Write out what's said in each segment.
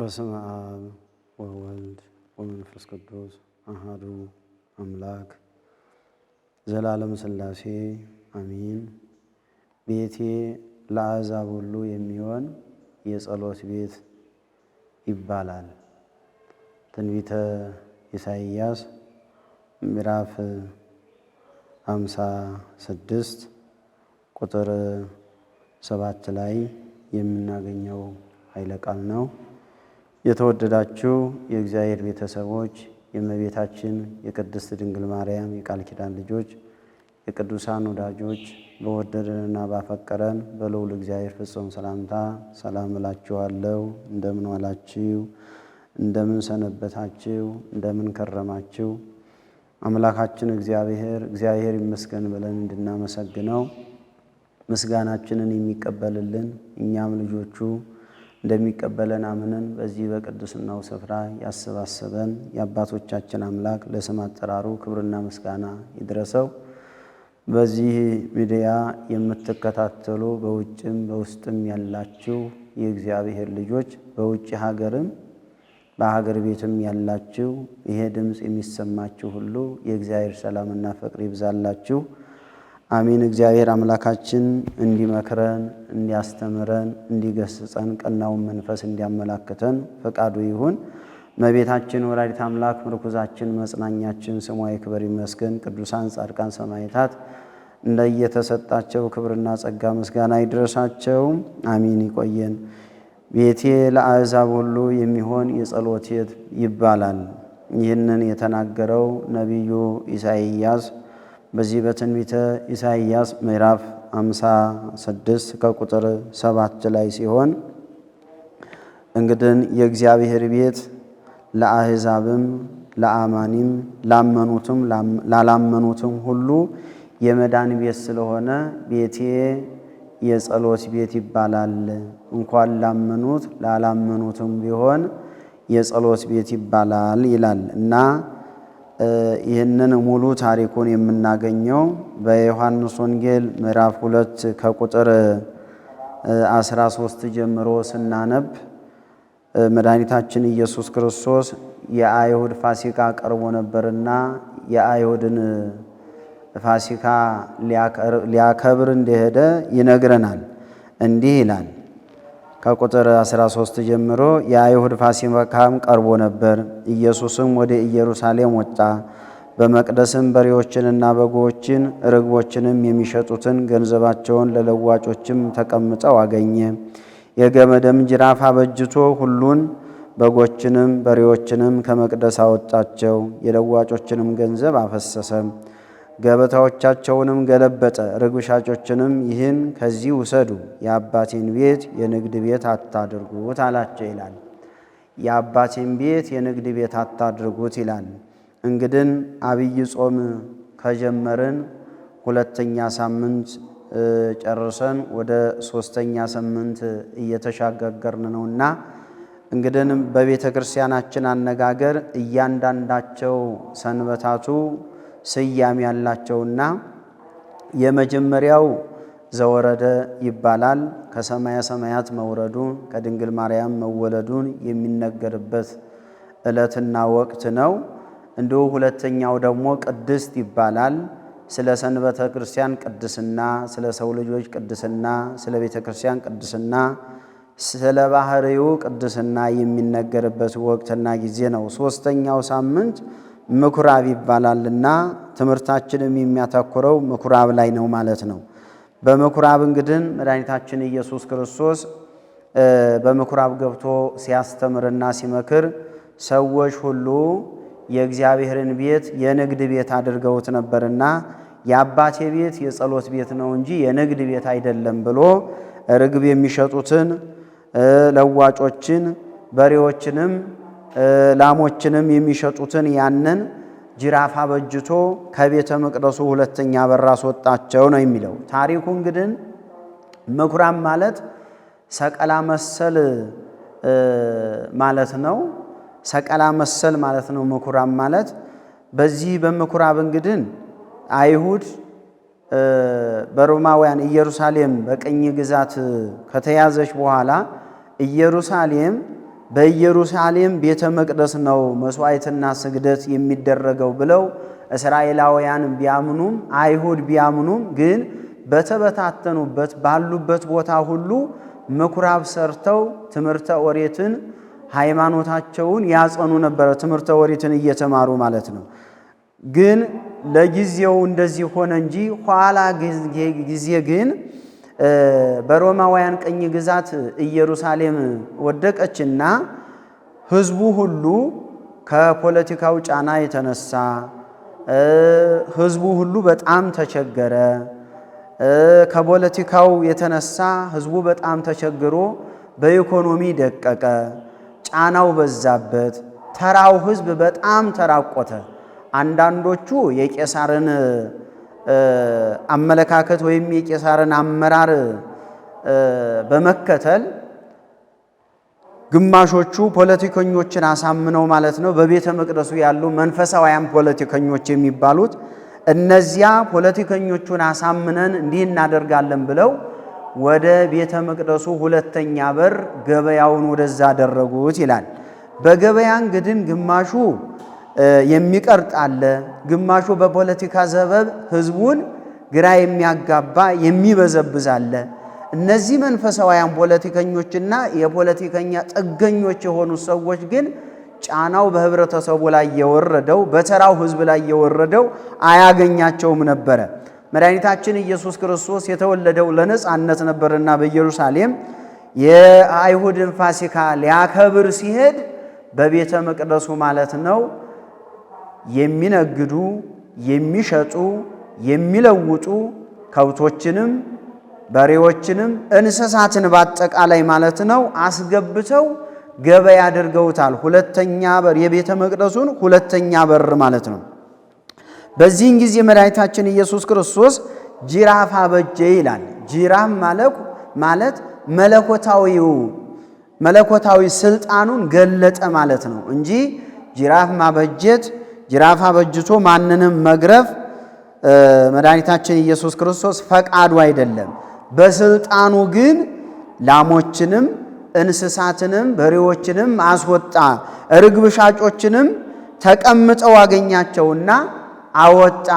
በስመ አብ ወወልድ ወመንፈስ ቅዱስ አሃዱ አምላክ ዘላለም ስላሴ አሚን። ቤቴ ለአሕዛብ ሁሉ የሚሆን የጸሎት ቤት ይባላል። ትንቢተ ኢሳይያስ ምዕራፍ ሃምሳ ስድስት ቁጥር ሰባት ላይ የምናገኘው ኃይለ ቃል ነው። የተወደዳችሁ የእግዚአብሔር ቤተሰቦች የእመቤታችን የቅድስት ድንግል ማርያም የቃል ኪዳን ልጆች የቅዱሳን ወዳጆች በወደደንና ባፈቀረን በልዑል እግዚአብሔር ፍጹም ሰላምታ ሰላም እላችኋለሁ። እንደምን ዋላችሁ? እንደምን ሰነበታችሁ? እንደምን ከረማችሁ? አምላካችን እግዚአብሔር እግዚአብሔር ይመስገን ብለን እንድናመሰግነው ምስጋናችንን የሚቀበልልን እኛም ልጆቹ እንደሚቀበለን አምነን በዚህ በቅዱስናው ስፍራ ያሰባሰበን የአባቶቻችን አምላክ ለስም አጠራሩ ክብርና ምስጋና ይድረሰው። በዚህ ሚዲያ የምትከታተሉ በውጭም በውስጥም ያላችሁ የእግዚአብሔር ልጆች፣ በውጭ ሀገርም በሀገር ቤትም ያላችሁ ይሄ ድምፅ የሚሰማችሁ ሁሉ የእግዚአብሔር ሰላምና ፍቅር ይብዛላችሁ። አሜን። እግዚአብሔር አምላካችን እንዲመክረን፣ እንዲያስተምረን፣ እንዲገስጸን፣ ቀናውን መንፈስ እንዲያመላክተን ፈቃዱ ይሁን። መቤታችን ወላዲት አምላክ ምርኩዛችን፣ መጽናኛችን ስሟ ይክበር ይመስገን። ቅዱሳን ጻድቃን፣ ሰማዕታት እንደየተሰጣቸው ክብርና ጸጋ ምስጋና ይድረሳቸው። አሚን። ይቆየን። ቤቴ ለአሕዛብ ሁሉ የሚሆን የጸሎት ቤት ይባላል። ይህንን የተናገረው ነቢዩ ኢሳይያስ በዚህ በትንቢተ ኢሳይያስ ምዕራፍ 56 ከቁጥር 7 ላይ ሲሆን እንግድን የእግዚአብሔር ቤት ለአሕዛብም ለአማኒም ላመኑትም ላላመኑትም ሁሉ የመዳን ቤት ስለሆነ ቤቴ የጸሎት ቤት ይባላል። እንኳን ላመኑት ላላመኑትም ቢሆን የጸሎት ቤት ይባላል ይላል እና ይህንን ሙሉ ታሪኩን የምናገኘው በዮሐንስ ወንጌል ምዕራፍ ሁለት ከቁጥር 13 ጀምሮ ስናነብ መድኃኒታችን ኢየሱስ ክርስቶስ የአይሁድ ፋሲካ ቀርቦ ነበርና የአይሁድን ፋሲካ ሊያከብር እንደሄደ ይነግረናል። እንዲህ ይላል ከቁጥር 13 ጀምሮ የአይሁድ ፋሲካም ቀርቦ ነበር። ኢየሱስም ወደ ኢየሩሳሌም ወጣ። በመቅደስም በሬዎችንና በጎችን ርግቦችንም የሚሸጡትን ገንዘባቸውን ለለዋጮችም ተቀምጠው አገኘ። የገመደም ጅራፍ አበጅቶ ሁሉን በጎችንም በሬዎችንም ከመቅደስ አወጣቸው። የለዋጮችንም ገንዘብ አፈሰሰም። ገበታዎቻቸውንም ገለበጠ። ርግብ ሻጮችንም ይህን ከዚህ ውሰዱ፣ የአባቴን ቤት የንግድ ቤት አታድርጉት አላቸው ይላል። የአባቴን ቤት የንግድ ቤት አታድርጉት ይላል። እንግድን አብይ ጾም ከጀመርን ሁለተኛ ሳምንት ጨርሰን ወደ ሶስተኛ ሳምንት እየተሻጋገርን ነውና እንግድን በቤተ ክርስቲያናችን አነጋገር እያንዳንዳቸው ሰንበታቱ ስያሜ ያላቸውና የመጀመሪያው ዘወረደ ይባላል። ከሰማያ ሰማያት መውረዱን ከድንግል ማርያም መወለዱን የሚነገርበት ዕለትና ወቅት ነው። እንዲሁ ሁለተኛው ደግሞ ቅድስት ይባላል። ስለ ሰንበተ ክርስቲያን ቅድስና፣ ስለ ሰው ልጆች ቅድስና፣ ስለ ቤተ ክርስቲያን ቅድስና፣ ስለ ባህሪው ቅድስና የሚነገርበት ወቅትና ጊዜ ነው። ሶስተኛው ሳምንት ምኩራብ ይባላልና ትምህርታችንም የሚያተኩረው ምኩራብ ላይ ነው ማለት ነው። በምኩራብ እንግድን መድኃኒታችን ኢየሱስ ክርስቶስ በምኩራብ ገብቶ ሲያስተምርና ሲመክር ሰዎች ሁሉ የእግዚአብሔርን ቤት የንግድ ቤት አድርገውት ነበርና የአባቴ ቤት የጸሎት ቤት ነው እንጂ የንግድ ቤት አይደለም ብሎ ርግብ የሚሸጡትን ለዋጮችን፣ በሬዎችንም ላሞችንም የሚሸጡትን ያንን ጅራፍ አበጅቶ ከቤተ መቅደሱ ሁለተኛ በር አስወጣቸው ነው የሚለው ታሪኩ። እንግዲህ ምኩራብ ማለት ሰቀላ መሰል ማለት ነው። ሰቀላ መሰል ማለት ነው ምኩራብ ማለት። በዚህ በምኩራብ እንግዲህ አይሁድ በሮማውያን ኢየሩሳሌም በቅኝ ግዛት ከተያዘች በኋላ ኢየሩሳሌም በኢየሩሳሌም ቤተ መቅደስ ነው መሥዋዕትና ስግደት የሚደረገው ብለው እስራኤላውያን ቢያምኑም አይሁድ ቢያምኑም ግን በተበታተኑበት ባሉበት ቦታ ሁሉ ምኩራብ ሰርተው ትምህርተ ኦሪትን ሃይማኖታቸውን ያጸኑ ነበረ። ትምህርተ ኦሪትን እየተማሩ ማለት ነው። ግን ለጊዜው እንደዚህ ሆነ እንጂ ኋላ ጊዜ ግን በሮማውያን ቅኝ ግዛት ኢየሩሳሌም ወደቀችና ህዝቡ ሁሉ ከፖለቲካው ጫና የተነሳ ህዝቡ ሁሉ በጣም ተቸገረ። ከፖለቲካው የተነሳ ህዝቡ በጣም ተቸግሮ በኢኮኖሚ ደቀቀ። ጫናው በዛበት። ተራው ህዝብ በጣም ተራቆተ። አንዳንዶቹ የቄሳርን አመለካከት ወይም የቄሳርን አመራር በመከተል ግማሾቹ ፖለቲከኞችን አሳምነው ማለት ነው። በቤተ መቅደሱ ያሉ መንፈሳውያን ፖለቲከኞች የሚባሉት እነዚያ ፖለቲከኞቹን አሳምነን እንዲህ እናደርጋለን ብለው ወደ ቤተ መቅደሱ ሁለተኛ በር ገበያውን ወደዛ አደረጉት ይላል። በገበያ እንግድን ግማሹ የሚቀርጥ አለ፣ ግማሹ በፖለቲካ ሰበብ ህዝቡን ግራ የሚያጋባ የሚበዘብዝ አለ። እነዚህ መንፈሳውያን ፖለቲከኞችና የፖለቲከኛ ጥገኞች የሆኑ ሰዎች ግን ጫናው በህብረተሰቡ ላይ የወረደው በተራው ህዝብ ላይ የወረደው አያገኛቸውም ነበረ። መድኃኒታችን ኢየሱስ ክርስቶስ የተወለደው ለነፃነት ነበርና በኢየሩሳሌም የአይሁድን ፋሲካ ሊያከብር ሲሄድ በቤተ መቅደሱ ማለት ነው የሚነግዱ፣ የሚሸጡ፣ የሚለውጡ ከብቶችንም በሬዎችንም እንስሳትን በአጠቃላይ ማለት ነው አስገብተው ገበያ አድርገውታል። ሁለተኛ በር የቤተ መቅደሱን ሁለተኛ በር ማለት ነው። በዚህን ጊዜ መድኃኒታችን ኢየሱስ ክርስቶስ ጅራፍ አበጀ ይላል። ጅራፍ ማለት መለኮታዊው መለኮታዊ ስልጣኑን ገለጠ ማለት ነው እንጂ ጅራፍ ማበጀት ጅራፋ በጅቶ ማንንም መግረፍ መድኃኒታችን ኢየሱስ ክርስቶስ ፈቃዱ አይደለም። በስልጣኑ ግን ላሞችንም እንስሳትንም በሬዎችንም አስወጣ፣ ርግብ ሻጮችንም ተቀምጠው አገኛቸውና አወጣ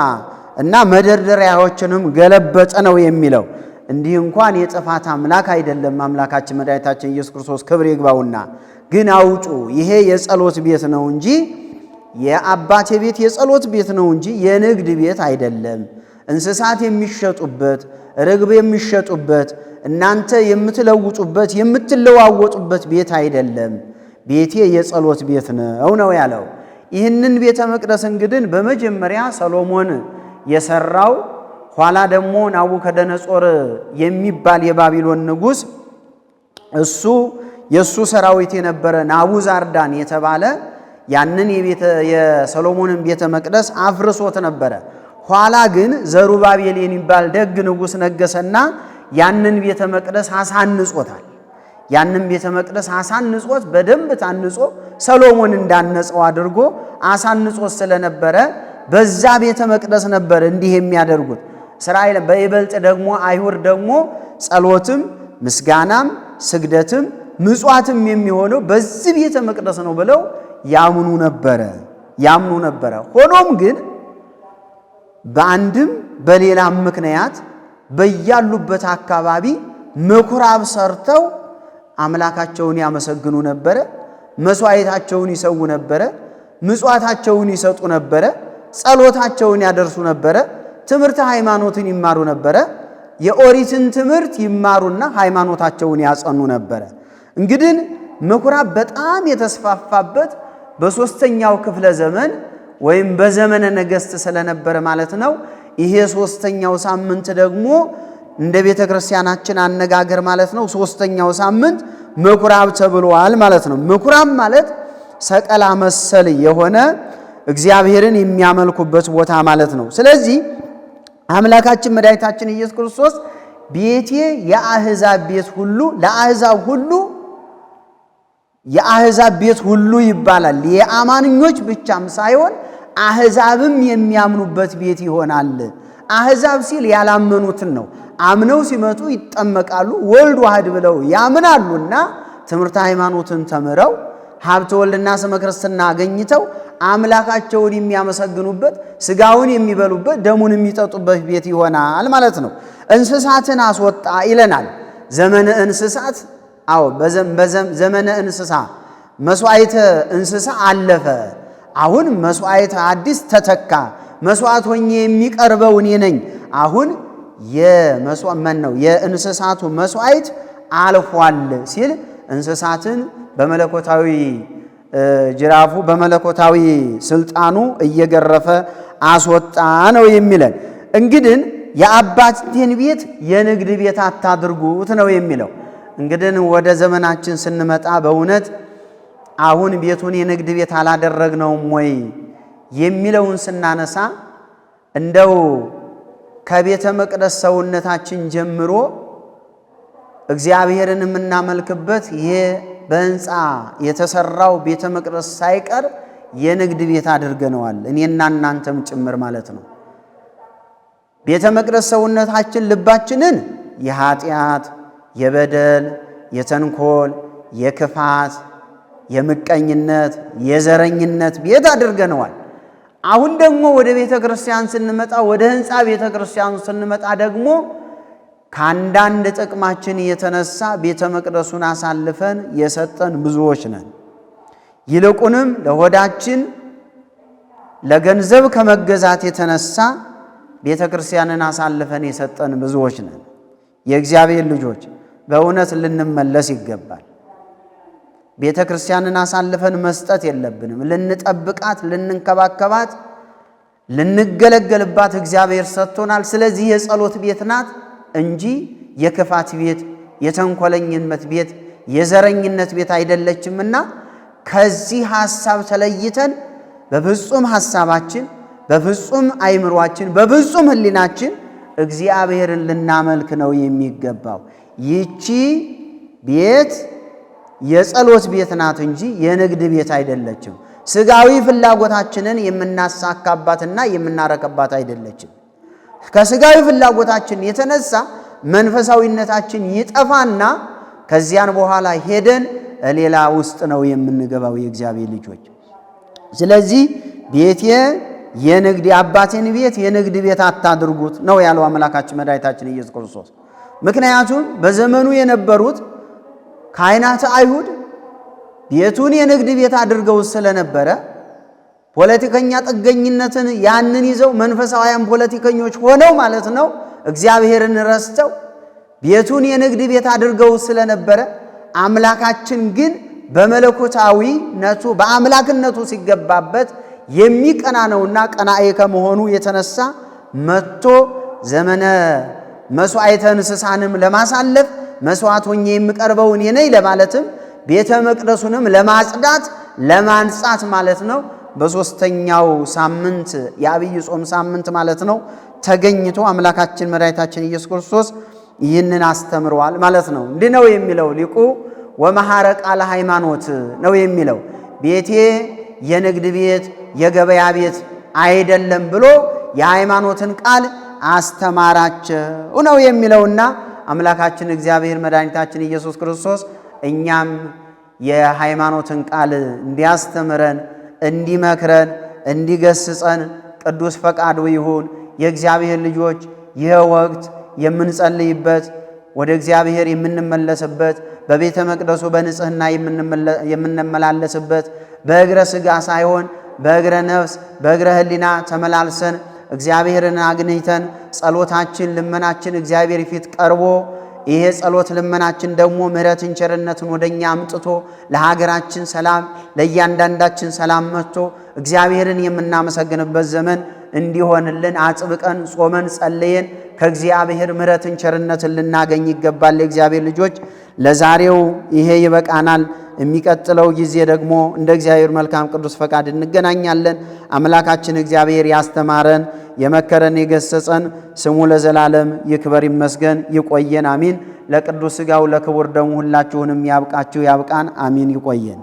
እና መደርደሪያዎችንም ገለበጠ ነው የሚለው። እንዲህ እንኳን የጥፋት አምላክ አይደለም አምላካችን መድኃኒታችን ኢየሱስ ክርስቶስ ክብር ይግባውና፣ ግን አውጡ ይሄ የጸሎት ቤት ነው እንጂ የአባቴ ቤት የጸሎት ቤት ነው እንጂ የንግድ ቤት አይደለም። እንስሳት የሚሸጡበት፣ ርግብ የሚሸጡበት፣ እናንተ የምትለውጡበት የምትለዋወጡበት ቤት አይደለም። ቤቴ የጸሎት ቤት ነው ነው ያለው። ይህንን ቤተ መቅደስ እንግድን በመጀመሪያ ሰሎሞን የሰራው ኋላ ደግሞ ናቡከደነጾር የሚባል የባቢሎን ንጉሥ እሱ የእሱ ሰራዊት የነበረ ናቡዛርዳን የተባለ ያንን የሰሎሞንን ቤተ መቅደስ አፍርሶት ነበረ። ኋላ ግን ዘሩባቤል የሚባል ደግ ንጉሥ ነገሰና ያንን ቤተ መቅደስ አሳንጾታል። ያንን ቤተ መቅደስ አሳንጾት በደንብ ታንጾ ሰሎሞን እንዳነጸው አድርጎ አሳንጾት ስለነበረ በዛ ቤተ መቅደስ ነበር እንዲህ የሚያደርጉት እስራኤል። በይበልጥ ደግሞ አይሁድ ደግሞ ጸሎትም ምስጋናም ስግደትም ምጽዋትም የሚሆነው በዚህ ቤተ መቅደስ ነው ብለው ያምኑ ነበረ ያምኑ ነበረ። ሆኖም ግን በአንድም በሌላም ምክንያት በያሉበት አካባቢ ምኩራብ ሰርተው አምላካቸውን ያመሰግኑ ነበረ፣ መስዋዕታቸውን ይሰው ነበረ፣ ምጽዋታቸውን ይሰጡ ነበረ፣ ጸሎታቸውን ያደርሱ ነበረ፣ ትምህርት ሃይማኖትን ይማሩ ነበረ። የኦሪትን ትምህርት ይማሩና ሃይማኖታቸውን ያጸኑ ነበረ። እንግዲህ ምኩራብ በጣም የተስፋፋበት በሶስተኛው ክፍለ ዘመን ወይም በዘመነ ነገሥት ስለነበረ ማለት ነው። ይሄ ሶስተኛው ሳምንት ደግሞ እንደ ቤተ ክርስቲያናችን አነጋገር ማለት ነው። ሶስተኛው ሳምንት ምኩራብ ተብሏል ማለት ነው። ምኩራብ ማለት ሰቀላ መሰል የሆነ እግዚአብሔርን የሚያመልኩበት ቦታ ማለት ነው። ስለዚህ አምላካችን መድኃኒታችን ኢየሱስ ክርስቶስ ቤቴ የአህዛብ ቤት ሁሉ ለአህዛብ ሁሉ የአህዛብ ቤት ሁሉ ይባላል። የአማንኞች ብቻም ሳይሆን አህዛብም የሚያምኑበት ቤት ይሆናል። አህዛብ ሲል ያላመኑትን ነው። አምነው ሲመጡ ይጠመቃሉ። ወልድ ዋህድ ብለው ያምናሉና ትምህርተ ሃይማኖትን ተምረው ሀብተ ወልድና ስመ ክርስትና አገኝተው አምላካቸውን የሚያመሰግኑበት፣ ስጋውን የሚበሉበት፣ ደሙን የሚጠጡበት ቤት ይሆናል ማለት ነው። እንስሳትን አስወጣ ይለናል። ዘመነ እንስሳት አዎ ዘመነ እንስሳ መስዋዕተ እንስሳ አለፈ። አሁን መስዋዕተ አዲስ ተተካ። መስዋዕት ሆኜ የሚቀርበው እኔ ነኝ። አሁን የመስዋዕት ነው የእንስሳቱ መስዋዕት አልፏል ሲል እንስሳትን በመለኮታዊ ጅራፉ በመለኮታዊ ስልጣኑ እየገረፈ አስወጣ ነው የሚለን። እንግዲህ የአባቴን ቤት የንግድ ቤት አታድርጉት ነው የሚለው። እንግዲህ ወደ ዘመናችን ስንመጣ በእውነት አሁን ቤቱን የንግድ ቤት አላደረግነውም ወይ የሚለውን ስናነሳ እንደው ከቤተ መቅደስ ሰውነታችን ጀምሮ እግዚአብሔርን የምናመልክበት ይሄ በሕንፃ የተሰራው ቤተ መቅደስ ሳይቀር የንግድ ቤት አድርገነዋል። እኔና እናንተም ጭምር ማለት ነው። ቤተ መቅደስ ሰውነታችን ልባችንን የኃጢአት የበደል፣ የተንኮል፣ የክፋት፣ የምቀኝነት፣ የዘረኝነት ቤት አድርገነዋል። አሁን ደግሞ ወደ ቤተ ክርስቲያን ስንመጣ ወደ ህንፃ ቤተ ክርስቲያኑ ስንመጣ ደግሞ ከአንዳንድ ጥቅማችን የተነሳ ቤተ መቅደሱን አሳልፈን የሰጠን ብዙዎች ነን። ይልቁንም ለሆዳችን ለገንዘብ ከመገዛት የተነሳ ቤተ ክርስቲያንን አሳልፈን የሰጠን ብዙዎች ነን። የእግዚአብሔር ልጆች በእውነት ልንመለስ ይገባል። ቤተ ክርስቲያንን አሳልፈን መስጠት የለብንም። ልንጠብቃት፣ ልንንከባከባት፣ ልንገለገልባት እግዚአብሔር ሰጥቶናል። ስለዚህ የጸሎት ቤት ናት እንጂ የክፋት ቤት፣ የተንኮለኝነት ቤት፣ የዘረኝነት ቤት አይደለችምና ከዚህ ሐሳብ ተለይተን በፍጹም ሐሳባችን፣ በፍጹም አይምሯችን፣ በፍጹም ሕሊናችን እግዚአብሔርን ልናመልክ ነው የሚገባው። ይቺ ቤት የጸሎት ቤት ናት እንጂ የንግድ ቤት አይደለችም። ስጋዊ ፍላጎታችንን የምናሳካባትና የምናረከባት አይደለችም። ከስጋዊ ፍላጎታችን የተነሳ መንፈሳዊነታችን ይጠፋና ከዚያን በኋላ ሄደን ሌላ ውስጥ ነው የምንገባው የእግዚአብሔር ልጆች። ስለዚህ ቤቴ የንግድ አባቴን ቤት የንግድ ቤት አታድርጉት ነው ያለው አምላካችን መድኃኒታችን ኢየሱስ ክርስቶስ። ምክንያቱም በዘመኑ የነበሩት ካህናተ አይሁድ ቤቱን የንግድ ቤት አድርገው ስለነበረ ፖለቲከኛ ጥገኝነትን ያንን ይዘው መንፈሳውያን ፖለቲከኞች ሆነው ማለት ነው። እግዚአብሔርን ረስተው ቤቱን የንግድ ቤት አድርገው ስለነበረ አምላካችን ግን በመለኮታዊነቱ በአምላክነቱ ሲገባበት የሚቀና ነውና ቀናኤ ከመሆኑ የተነሳ መጥቶ ዘመነ መስዋዕተ እንስሳንም ለማሳለፍ መስዋዕት ሆኜ የምቀርበው እኔ ነኝ ለማለትም ቤተ መቅደሱንም ለማጽዳት ለማንጻት ማለት ነው። በሦስተኛው ሳምንት የአብይ ጾም ሳምንት ማለት ነው ተገኝቶ አምላካችን መድኃኒታችን ኢየሱስ ክርስቶስ ይህንን አስተምረዋል ማለት ነው። እንዲህ ነው የሚለው ሊቁ ወመሐረ ቃለ ሃይማኖት ነው የሚለው ቤቴ የንግድ ቤት የገበያ ቤት አይደለም ብሎ የሃይማኖትን ቃል አስተማራቸው ነው የሚለውና አምላካችን እግዚአብሔር መድኃኒታችን ኢየሱስ ክርስቶስ እኛም የሃይማኖትን ቃል እንዲያስተምረን፣ እንዲመክረን፣ እንዲገስጸን ቅዱስ ፈቃዱ ይሁን። የእግዚአብሔር ልጆች ይህ ወቅት የምንጸልይበት ወደ እግዚአብሔር የምንመለስበት በቤተ መቅደሱ በንጽህና የምንመላለስበት በእግረ ሥጋ ሳይሆን በእግረ ነፍስ በእግረ ሕሊና ተመላልሰን እግዚአብሔርን አግኝተን ጸሎታችን፣ ልመናችን እግዚአብሔር ፊት ቀርቦ ይሄ ጸሎት ልመናችን ደግሞ ምሕረትን ቸርነትን ወደኛ አምጥቶ ለሀገራችን ሰላም ለእያንዳንዳችን ሰላም መጥቶ እግዚአብሔርን የምናመሰግንበት ዘመን እንዲሆንልን አጽብቀን ጾመን ጸልየን ከእግዚአብሔር ምሕረትን ቸርነትን ልናገኝ ይገባል። የእግዚአብሔር ልጆች ለዛሬው ይሄ ይበቃናል። የሚቀጥለው ጊዜ ደግሞ እንደ እግዚአብሔር መልካም ቅዱስ ፈቃድ እንገናኛለን። አምላካችን እግዚአብሔር ያስተማረን የመከረን የገሰጸን ስሙ ለዘላለም ይክበር ይመስገን። ይቆየን። አሚን። ለቅዱስ ሥጋው ለክቡር ደሙ ሁላችሁንም ያብቃችሁ፣ ያብቃን። አሚን። ይቆየን።